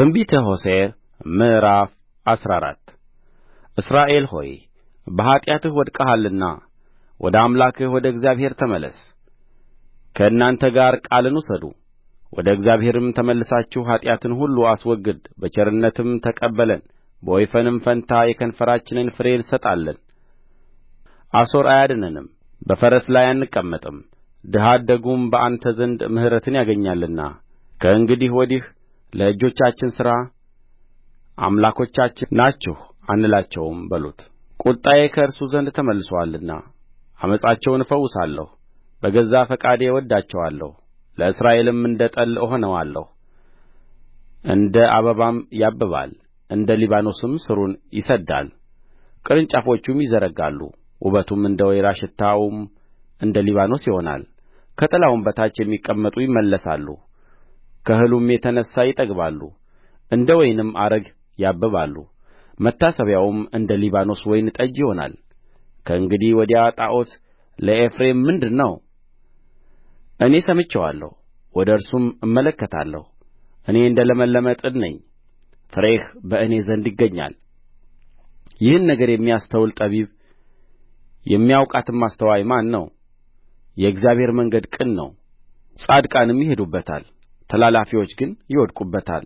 ትንቢተ ሆሴዕ ምዕራፍ አስራ አራት እስራኤል ሆይ በኃጢአትህ ወድቀሃልና ወደ አምላክህ ወደ እግዚአብሔር ተመለስ ከእናንተ ጋር ቃልን ውሰዱ ወደ እግዚአብሔርም ተመልሳችሁ ኃጢአትን ሁሉ አስወግድ በቸርነትም ተቀበለን በወይፈንም ፈንታ የከንፈራችንን ፍሬ እንሰጣለን አሦር አያድነንም በፈረስ ላይ አንቀመጥም ድሀ አደጉም በአንተ ዘንድ ምሕረትን ያገኛልና ከእንግዲህ ወዲህ ለእጆቻችን ሥራ አምላኮቻችን ናችሁ አንላቸውም በሉት ቍጣዬ ከእርሱ ዘንድ ተመልሶአልና ዓመፃቸውን እፈውሳለሁ በገዛ ፈቃዴ እወድዳቸዋለሁ ለእስራኤልም እንደ ጠል እሆነዋለሁ እንደ አበባም ያብባል እንደ ሊባኖስም ሥሩን ይሰድዳል ቅርንጫፎቹም ይዘረጋሉ ውበቱም እንደ ወይራ ሽታውም እንደ ሊባኖስ ይሆናል ከጥላውም በታች የሚቀመጡ ይመለሳሉ ከእህሉም የተነሣ ይጠግባሉ እንደ ወይንም አረግ ያብባሉ መታሰቢያውም እንደ ሊባኖስ ወይን ጠጅ ይሆናል ከእንግዲህ ወዲያ ጣዖት ለኤፍሬም ምንድር ነው እኔ ሰምቼዋለሁ ወደ እርሱም እመለከታለሁ እኔ እንደ ለመለመ ጥድ ነኝ ፍሬህ በእኔ ዘንድ ይገኛል ይህን ነገር የሚያስተውል ጠቢብ የሚያውቃትም አስተዋይ ማን ነው የእግዚአብሔር መንገድ ቅን ነው ጻድቃንም ይሄዱበታል ተላላፊዎች ግን ይወድቁበታል